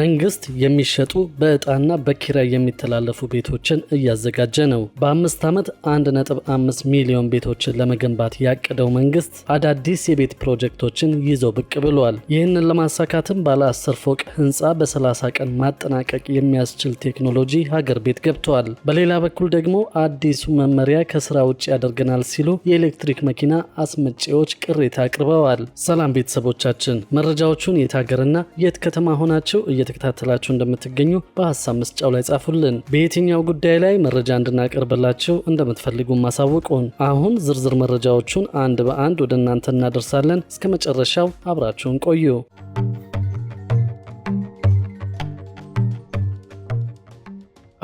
መንግስት የሚሸጡ በዕጣና በኪራይ የሚተላለፉ ቤቶችን እያዘጋጀ ነው። በአምስት ዓመት 1.5 ሚሊዮን ቤቶችን ለመገንባት ያቀደው መንግስት አዳዲስ የቤት ፕሮጀክቶችን ይዞ ብቅ ብሏል። ይህንን ለማሳካትም ባለ 10 ፎቅ ህንፃ በ30 ቀን ማጠናቀቅ የሚያስችል ቴክኖሎጂ ሀገር ቤት ገብተዋል። በሌላ በኩል ደግሞ አዲሱ መመሪያ ከስራ ውጭ ያደርገናል ሲሉ የኤሌክትሪክ መኪና አስመጪዎች ቅሬታ አቅርበዋል። ሰላም ቤተሰቦቻችን፣ መረጃዎቹን የት ሀገርና የት ከተማ ሆናችሁ እየተከታተላችሁ እንደምትገኙ በሀሳብ መስጫው ላይ ጻፉልን። በየትኛው ጉዳይ ላይ መረጃ እንድናቀርብላችሁ እንደምትፈልጉ ማሳውቁን። አሁን ዝርዝር መረጃዎቹን አንድ በአንድ ወደ እናንተ እናደርሳለን። እስከ መጨረሻው አብራችሁን ቆዩ።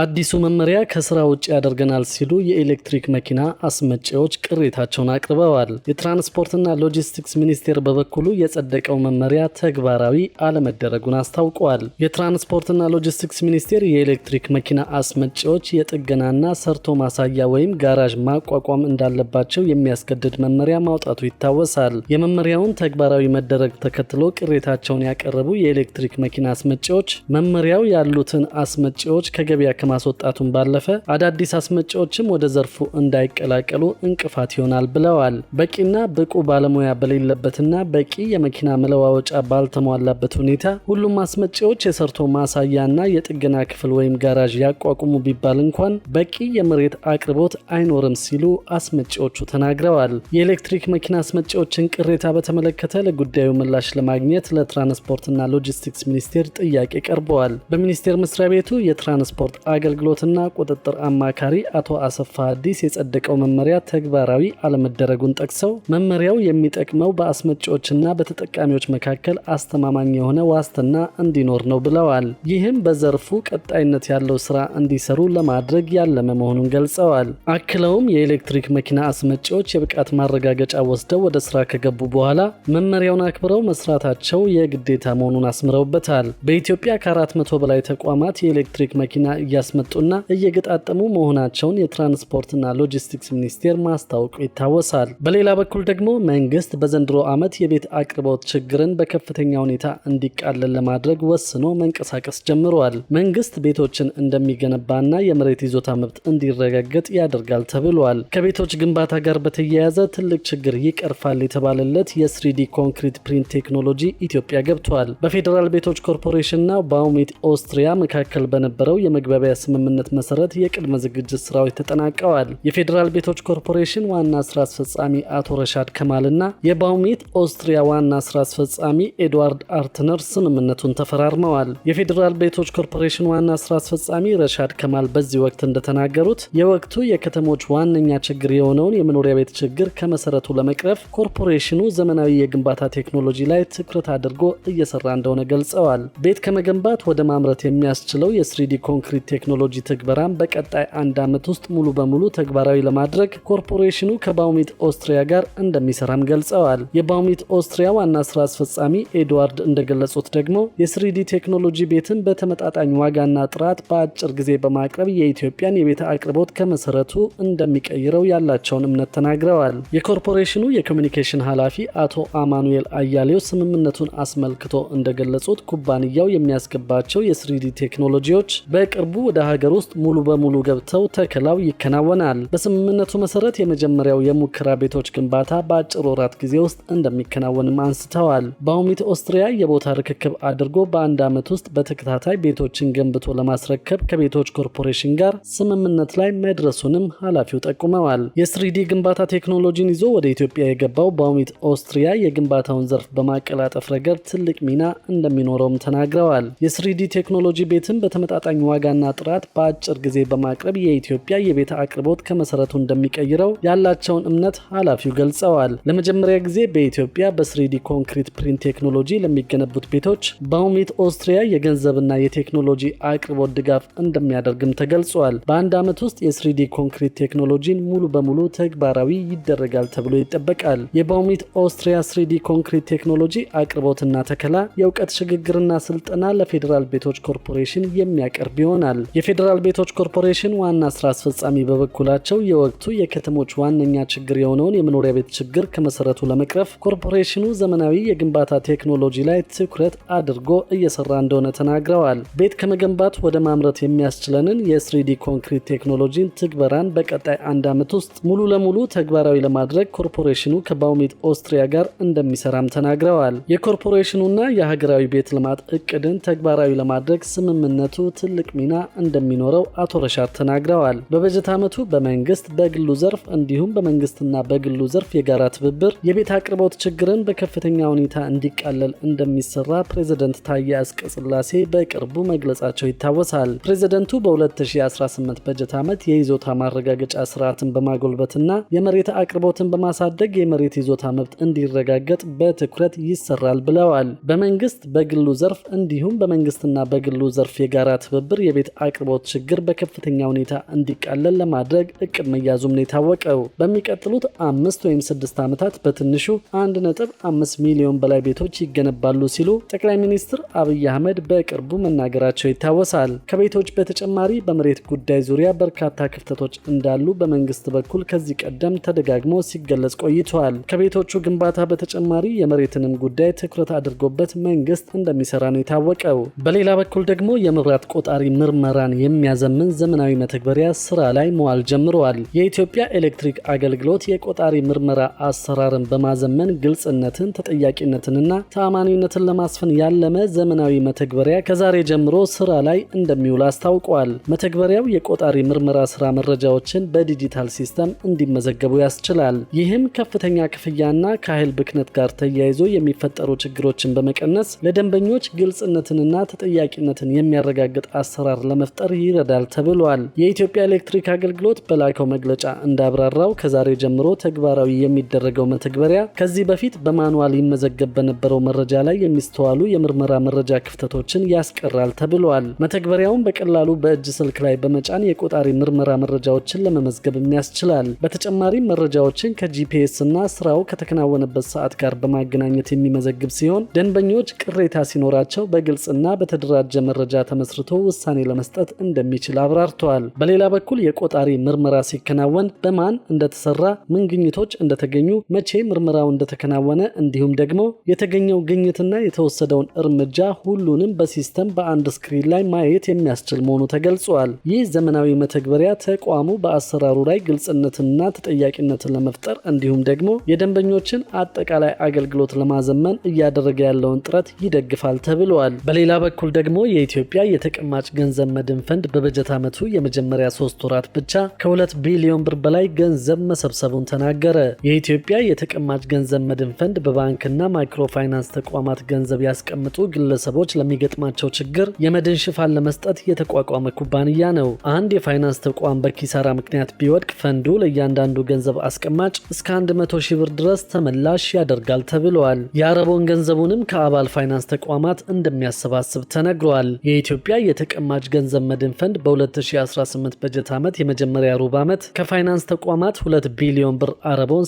አዲሱ መመሪያ ከስራ ውጭ ያደርገናል ሲሉ የኤሌክትሪክ መኪና አስመጪዎች ቅሬታቸውን አቅርበዋል። የትራንስፖርትና ሎጂስቲክስ ሚኒስቴር በበኩሉ የጸደቀው መመሪያ ተግባራዊ አለመደረጉን አስታውቋል። የትራንስፖርትና ሎጂስቲክስ ሚኒስቴር የኤሌክትሪክ መኪና አስመጪዎች የጥገናና ሰርቶ ማሳያ ወይም ጋራዥ ማቋቋም እንዳለባቸው የሚያስገድድ መመሪያ ማውጣቱ ይታወሳል። የመመሪያውን ተግባራዊ መደረግ ተከትሎ ቅሬታቸውን ያቀረቡ የኤሌክትሪክ መኪና አስመጪዎች መመሪያው ያሉትን አስመጪዎች ከገበያ ከማስወጣቱን ባለፈ አዳዲስ አስመጪዎችም ወደ ዘርፉ እንዳይቀላቀሉ እንቅፋት ይሆናል ብለዋል። በቂና ብቁ ባለሙያ በሌለበትና በቂ የመኪና መለዋወጫ ባልተሟላበት ሁኔታ ሁሉም አስመጪዎች የሰርቶ ማሳያና የጥገና ክፍል ወይም ጋራዥ ያቋቁሙ ቢባል እንኳን በቂ የመሬት አቅርቦት አይኖርም ሲሉ አስመጪዎቹ ተናግረዋል። የኤሌክትሪክ መኪና አስመጪዎችን ቅሬታ በተመለከተ ለጉዳዩ ምላሽ ለማግኘት ለትራንስፖርትና ሎጂስቲክስ ሚኒስቴር ጥያቄ ቀርበዋል። በሚኒስቴር መስሪያ ቤቱ የትራንስፖርት አገልግሎትና ቁጥጥር አማካሪ አቶ አሰፋ አዲስ የጸደቀው መመሪያ ተግባራዊ አለመደረጉን ጠቅሰው መመሪያው የሚጠቅመው በአስመጪዎችና በተጠቃሚዎች መካከል አስተማማኝ የሆነ ዋስትና እንዲኖር ነው ብለዋል። ይህም በዘርፉ ቀጣይነት ያለው ስራ እንዲሰሩ ለማድረግ ያለመ መሆኑን ገልጸዋል። አክለውም የኤሌክትሪክ መኪና አስመጪዎች የብቃት ማረጋገጫ ወስደው ወደ ስራ ከገቡ በኋላ መመሪያውን አክብረው መስራታቸው የግዴታ መሆኑን አስምረውበታል። በኢትዮጵያ ከአራት መቶ በላይ ተቋማት የኤሌክትሪክ መኪና እያ እያስመጡና እየገጣጠሙ መሆናቸውን የትራንስፖርትና ሎጂስቲክስ ሚኒስቴር ማስታወቁ ይታወሳል። በሌላ በኩል ደግሞ መንግስት በዘንድሮ ዓመት የቤት አቅርቦት ችግርን በከፍተኛ ሁኔታ እንዲቃለል ለማድረግ ወስኖ መንቀሳቀስ ጀምረዋል። መንግስት ቤቶችን እንደሚገነባና የመሬት ይዞታ መብት እንዲረጋገጥ ያደርጋል ተብሏል። ከቤቶች ግንባታ ጋር በተያያዘ ትልቅ ችግር ይቀርፋል የተባለለት የስሪዲ ኮንክሪት ፕሪንት ቴክኖሎጂ ኢትዮጵያ ገብቷል። በፌዴራል ቤቶች ኮርፖሬሽንና በአውሜት ኦስትሪያ መካከል በነበረው የመግባቢያ ስምምነት መሰረት የቅድመ ዝግጅት ስራዎች ተጠናቀዋል። የፌዴራል ቤቶች ኮርፖሬሽን ዋና ስራ አስፈጻሚ አቶ ረሻድ ከማልና የባውሚት ኦስትሪያ ዋና ስራ አስፈጻሚ ኤድዋርድ አርትነር ስምምነቱን ተፈራርመዋል። የፌዴራል ቤቶች ኮርፖሬሽን ዋና ስራ አስፈጻሚ ረሻድ ከማል በዚህ ወቅት እንደተናገሩት የወቅቱ የከተሞች ዋነኛ ችግር የሆነውን የመኖሪያ ቤት ችግር ከመሰረቱ ለመቅረፍ ኮርፖሬሽኑ ዘመናዊ የግንባታ ቴክኖሎጂ ላይ ትኩረት አድርጎ እየሰራ እንደሆነ ገልጸዋል። ቤት ከመገንባት ወደ ማምረት የሚያስችለው የስሪዲ ኮንክሪት የቴክኖሎጂ ትግበራን በቀጣይ አንድ ዓመት ውስጥ ሙሉ በሙሉ ተግባራዊ ለማድረግ ኮርፖሬሽኑ ከባውሚት ኦስትሪያ ጋር እንደሚሰራም ገልጸዋል። የባውሚት ኦስትሪያ ዋና ስራ አስፈጻሚ ኤድዋርድ እንደገለጹት ደግሞ የስሪዲ ቴክኖሎጂ ቤትን በተመጣጣኝ ዋጋና ጥራት በአጭር ጊዜ በማቅረብ የኢትዮጵያን የቤት አቅርቦት ከመሰረቱ እንደሚቀይረው ያላቸውን እምነት ተናግረዋል። የኮርፖሬሽኑ የኮሚኒኬሽን ኃላፊ አቶ አማኑኤል አያሌው ስምምነቱን አስመልክቶ እንደገለጹት ኩባንያው የሚያስገባቸው የስሪዲ ቴክኖሎጂዎች በቅርቡ ወደ ሀገር ውስጥ ሙሉ በሙሉ ገብተው ተከላው ይከናወናል። በስምምነቱ መሰረት የመጀመሪያው የሙከራ ቤቶች ግንባታ በአጭር ወራት ጊዜ ውስጥ እንደሚከናወንም አንስተዋል። በአሁሚት ኦስትሪያ የቦታ ርክክብ አድርጎ በአንድ ዓመት ውስጥ በተከታታይ ቤቶችን ገንብቶ ለማስረከብ ከቤቶች ኮርፖሬሽን ጋር ስምምነት ላይ መድረሱንም ኃላፊው ጠቁመዋል። የስሪዲ ግንባታ ቴክኖሎጂን ይዞ ወደ ኢትዮጵያ የገባው በአሁሚት ኦስትሪያ የግንባታውን ዘርፍ በማቀላጠፍ ረገድ ትልቅ ሚና እንደሚኖረውም ተናግረዋል። የስሪዲ ቴክኖሎጂ ቤትን በተመጣጣኝ ዋጋና ጥራት በአጭር ጊዜ በማቅረብ የኢትዮጵያ የቤት አቅርቦት ከመሰረቱ እንደሚቀይረው ያላቸውን እምነት ኃላፊው ገልጸዋል። ለመጀመሪያ ጊዜ በኢትዮጵያ በስሪዲ ኮንክሪት ፕሪንት ቴክኖሎጂ ለሚገነቡት ቤቶች በውሚት ኦስትሪያ የገንዘብና የቴክኖሎጂ አቅርቦት ድጋፍ እንደሚያደርግም ተገልጿል። በአንድ ዓመት ውስጥ የስሪዲ ኮንክሪት ቴክኖሎጂን ሙሉ በሙሉ ተግባራዊ ይደረጋል ተብሎ ይጠበቃል። የባውሚት ኦስትሪያ ስሪዲ ኮንክሪት ቴክኖሎጂ አቅርቦትና ተከላ የእውቀት ሽግግርና ስልጠና ለፌዴራል ቤቶች ኮርፖሬሽን የሚያቀርብ ይሆናል። የፌዴራል ቤቶች ኮርፖሬሽን ዋና ስራ አስፈጻሚ በበኩላቸው የወቅቱ የከተሞች ዋነኛ ችግር የሆነውን የመኖሪያ ቤት ችግር ከመሰረቱ ለመቅረፍ ኮርፖሬሽኑ ዘመናዊ የግንባታ ቴክኖሎጂ ላይ ትኩረት አድርጎ እየሰራ እንደሆነ ተናግረዋል። ቤት ከመገንባት ወደ ማምረት የሚያስችለንን የስሪዲ ኮንክሪት ቴክኖሎጂን ትግበራን በቀጣይ አንድ ዓመት ውስጥ ሙሉ ለሙሉ ተግባራዊ ለማድረግ ኮርፖሬሽኑ ከባውሚት ኦስትሪያ ጋር እንደሚሰራም ተናግረዋል። የኮርፖሬሽኑና የሀገራዊ ቤት ልማት እቅድን ተግባራዊ ለማድረግ ስምምነቱ ትልቅ ሚና እንደሚኖረው አቶ ረሻድ ተናግረዋል። በበጀት ዓመቱ በመንግስት በግሉ ዘርፍ እንዲሁም በመንግስትና በግሉ ዘርፍ የጋራ ትብብር የቤት አቅርቦት ችግርን በከፍተኛ ሁኔታ እንዲቃለል እንደሚሰራ ፕሬዝደንት ታዬ አጽቀሥላሴ በቅርቡ መግለጻቸው ይታወሳል። ፕሬዝደንቱ በ2018 በጀት ዓመት የይዞታ ማረጋገጫ ስርዓትን በማጎልበትና የመሬት አቅርቦትን በማሳደግ የመሬት ይዞታ መብት እንዲረጋገጥ በትኩረት ይሰራል ብለዋል። በመንግስት በግሉ ዘርፍ እንዲሁም በመንግስትና በግሉ ዘርፍ የጋራ ትብብር የቤት አቅርቦት ችግር በከፍተኛ ሁኔታ እንዲቃለል ለማድረግ እቅድ መያዙም ነው የታወቀው። በሚቀጥሉት አምስት ወይም ስድስት ዓመታት በትንሹ አንድ ነጥብ አምስት ሚሊዮን በላይ ቤቶች ይገነባሉ ሲሉ ጠቅላይ ሚኒስትር አብይ አህመድ በቅርቡ መናገራቸው ይታወሳል። ከቤቶች በተጨማሪ በመሬት ጉዳይ ዙሪያ በርካታ ክፍተቶች እንዳሉ በመንግስት በኩል ከዚህ ቀደም ተደጋግሞ ሲገለጽ ቆይቷል። ከቤቶቹ ግንባታ በተጨማሪ የመሬትንም ጉዳይ ትኩረት አድርጎበት መንግስት እንደሚሰራ ነው የታወቀው። በሌላ በኩል ደግሞ የመብራት ቆጣሪ ምርመራ መምህራን የሚያዘምን ዘመናዊ መተግበሪያ ስራ ላይ መዋል ጀምረዋል። የኢትዮጵያ ኤሌክትሪክ አገልግሎት የቆጣሪ ምርመራ አሰራርን በማዘመን ግልጽነትን፣ ተጠያቂነትንና ተአማኒነትን ለማስፈን ያለመ ዘመናዊ መተግበሪያ ከዛሬ ጀምሮ ስራ ላይ እንደሚውል አስታውቋል። መተግበሪያው የቆጣሪ ምርመራ ስራ መረጃዎችን በዲጂታል ሲስተም እንዲመዘገቡ ያስችላል። ይህም ከፍተኛ ክፍያና ከኃይል ብክነት ጋር ተያይዞ የሚፈጠሩ ችግሮችን በመቀነስ ለደንበኞች ግልጽነትንና ተጠያቂነትን የሚያረጋግጥ አሰራር ለመ ለመፍጠር ይረዳል ተብሏል። የኢትዮጵያ ኤሌክትሪክ አገልግሎት በላከው መግለጫ እንዳብራራው ከዛሬ ጀምሮ ተግባራዊ የሚደረገው መተግበሪያ ከዚህ በፊት በማኑዋል ይመዘገብ በነበረው መረጃ ላይ የሚስተዋሉ የምርመራ መረጃ ክፍተቶችን ያስቀራል ተብሏል። መተግበሪያውን በቀላሉ በእጅ ስልክ ላይ በመጫን የቆጣሪ ምርመራ መረጃዎችን ለመመዝገብም ያስችላል። በተጨማሪም መረጃዎችን ከጂፒኤስ እና ስራው ከተከናወነበት ሰዓት ጋር በማገናኘት የሚመዘግብ ሲሆን ደንበኞች ቅሬታ ሲኖራቸው በግልጽና በተደራጀ መረጃ ተመስርቶ ውሳኔ ለመስጠት መስጠት እንደሚችል አብራርተዋል። በሌላ በኩል የቆጣሪ ምርመራ ሲከናወን በማን እንደተሰራ፣ ምን ግኝቶች እንደተገኙ፣ መቼ ምርመራው እንደተከናወነ እንዲሁም ደግሞ የተገኘው ግኝትና የተወሰደውን እርምጃ ሁሉንም በሲስተም በአንድ ስክሪን ላይ ማየት የሚያስችል መሆኑ ተገልጿል። ይህ ዘመናዊ መተግበሪያ ተቋሙ በአሰራሩ ላይ ግልጽነትንና ተጠያቂነትን ለመፍጠር እንዲሁም ደግሞ የደንበኞችን አጠቃላይ አገልግሎት ለማዘመን እያደረገ ያለውን ጥረት ይደግፋል ተብሏል። በሌላ በኩል ደግሞ የኢትዮጵያ የተቀማጭ ገንዘብ መድን ፈንድ በበጀት ዓመቱ የመጀመሪያ ሶስት ወራት ብቻ ከሁለት ቢሊዮን ብር በላይ ገንዘብ መሰብሰቡን ተናገረ። የኢትዮጵያ የተቀማጭ ገንዘብ መድን ፈንድ በባንክና ማይክሮ ፋይናንስ ተቋማት ገንዘብ ያስቀምጡ ግለሰቦች ለሚገጥማቸው ችግር የመድን ሽፋን ለመስጠት የተቋቋመ ኩባንያ ነው። አንድ የፋይናንስ ተቋም በኪሳራ ምክንያት ቢወድቅ ፈንዱ ለእያንዳንዱ ገንዘብ አስቀማጭ እስከ 100 ሺህ ብር ድረስ ተመላሽ ያደርጋል ተብለዋል። የአረቦን ገንዘቡንም ከአባል ፋይናንስ ተቋማት እንደሚያሰባስብ ተነግሯል። የኢትዮጵያ የተቀማጭ ገንዘብ ገንዘብ መድን ፈንድ በ2018 በጀት ዓመት የመጀመሪያ ሩብ ዓመት ከፋይናንስ ተቋማት 2 ቢሊዮን ብር አረቦን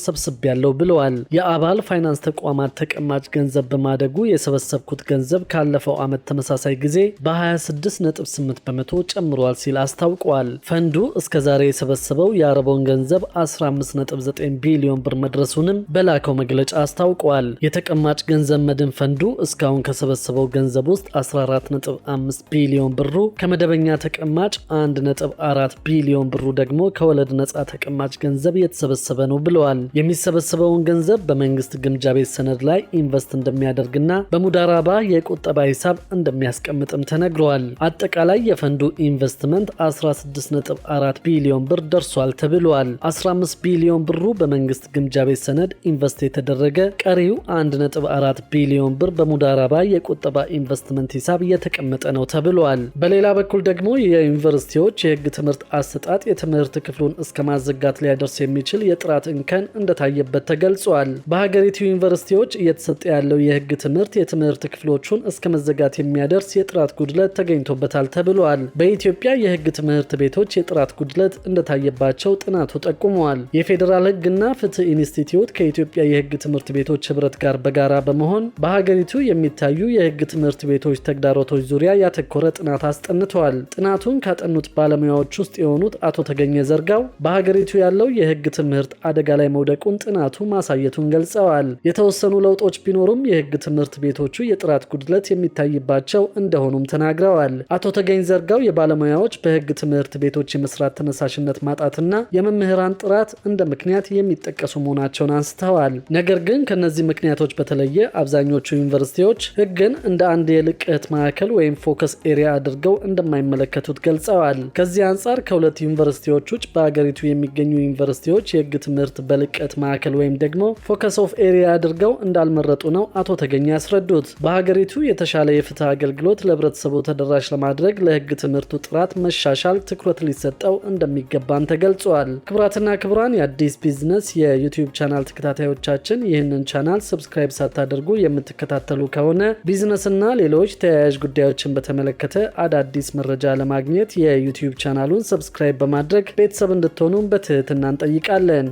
ያለው ብለዋል። የአባል ፋይናንስ ተቋማት ተቀማጭ ገንዘብ በማደጉ የሰበሰብኩት ገንዘብ ካለፈው ዓመት ተመሳሳይ ጊዜ በ26.8 በመቶ ጨምሯል ሲል አስታውቋል። ፈንዱ እስከዛሬ የሰበሰበው የአረቦን ገንዘብ 15.9 ቢሊዮን ብር መድረሱንም በላከው መግለጫ አስታውቋል። የተቀማጭ ገንዘብ መድን ፈንዱ እስካሁን ከሰበሰበው ገንዘብ ውስጥ 14.5 ቢሊዮን ብሩ ከመደበ መደበኛ ተቀማጭ 1.4 ቢሊዮን ብሩ ደግሞ ከወለድ ነፃ ተቀማጭ ገንዘብ የተሰበሰበ ነው ብለዋል። የሚሰበሰበውን ገንዘብ በመንግስት ግምጃ ቤት ሰነድ ላይ ኢንቨስት እንደሚያደርግና በሙዳራባ የቁጠባ ሂሳብ እንደሚያስቀምጥም ተነግረዋል። አጠቃላይ የፈንዱ ኢንቨስትመንት 16.4 ቢሊዮን ብር ደርሷል ተብሏል። 15 ቢሊዮን ብሩ በመንግስት ግምጃ ቤት ሰነድ ኢንቨስት የተደረገ ቀሪው 1.4 ቢሊዮን ብር በሙዳራባ የቁጠባ ኢንቨስትመንት ሂሳብ እየተቀመጠ ነው ተብሏል። በሌላ በኩል በኩል ደግሞ የዩኒቨርሲቲዎች የህግ ትምህርት አሰጣጥ የትምህርት ክፍሉን እስከ ማዘጋት ሊያደርስ የሚችል የጥራት እንከን እንደታየበት ተገልጿል። በሀገሪቱ ዩኒቨርሲቲዎች እየተሰጠ ያለው የህግ ትምህርት የትምህርት ክፍሎቹን እስከ መዘጋት የሚያደርስ የጥራት ጉድለት ተገኝቶበታል ተብሏል። በኢትዮጵያ የህግ ትምህርት ቤቶች የጥራት ጉድለት እንደታየባቸው ጥናቱ ጠቁመዋል። የፌዴራል ህግና ፍትህ ኢንስቲትዩት ከኢትዮጵያ የህግ ትምህርት ቤቶች ህብረት ጋር በጋራ በመሆን በሀገሪቱ የሚታዩ የህግ ትምህርት ቤቶች ተግዳሮቶች ዙሪያ ያተኮረ ጥናት አስጠንቷል። ገልጸዋል። ጥናቱን ካጠኑት ባለሙያዎች ውስጥ የሆኑት አቶ ተገኘ ዘርጋው በሀገሪቱ ያለው የህግ ትምህርት አደጋ ላይ መውደቁን ጥናቱ ማሳየቱን ገልጸዋል። የተወሰኑ ለውጦች ቢኖሩም የህግ ትምህርት ቤቶቹ የጥራት ጉድለት የሚታይባቸው እንደሆኑም ተናግረዋል። አቶ ተገኝ ዘርጋው የባለሙያዎች በህግ ትምህርት ቤቶች የመስራት ተነሳሽነት ማጣትና የመምህራን ጥራት እንደ ምክንያት የሚጠቀሱ መሆናቸውን አንስተዋል። ነገር ግን ከነዚህ ምክንያቶች በተለየ አብዛኞቹ ዩኒቨርሲቲዎች ህግን እንደ አንድ የልቀት ማዕከል ወይም ፎከስ ኤሪያ አድርገው እንደማ እንደማይመለከቱት ገልጸዋል። ከዚህ አንጻር ከሁለት ዩኒቨርሲቲዎች ውጭ በአገሪቱ የሚገኙ ዩኒቨርሲቲዎች የህግ ትምህርት በልቀት ማዕከል ወይም ደግሞ ፎከስ ኦፍ ኤሪያ አድርገው እንዳልመረጡ ነው አቶ ተገኘ ያስረዱት። በሀገሪቱ የተሻለ የፍትህ አገልግሎት ለህብረተሰቡ ተደራሽ ለማድረግ ለህግ ትምህርቱ ጥራት መሻሻል ትኩረት ሊሰጠው እንደሚገባም ተገልጿል። ክቡራትና ክቡራን የአዲስ ቢዝነስ የዩቲዩብ ቻናል ተከታታዮቻችን ይህንን ቻናል ሰብስክራይብ ሳታደርጉ የምትከታተሉ ከሆነ ቢዝነስና ሌሎች ተያያዥ ጉዳዮችን በተመለከተ አዳዲስ መረጃ ለማግኘት የዩቲዩብ ቻናሉን ሰብስክራይብ በማድረግ ቤተሰብ እንድትሆኑም በትህትና እንጠይቃለን።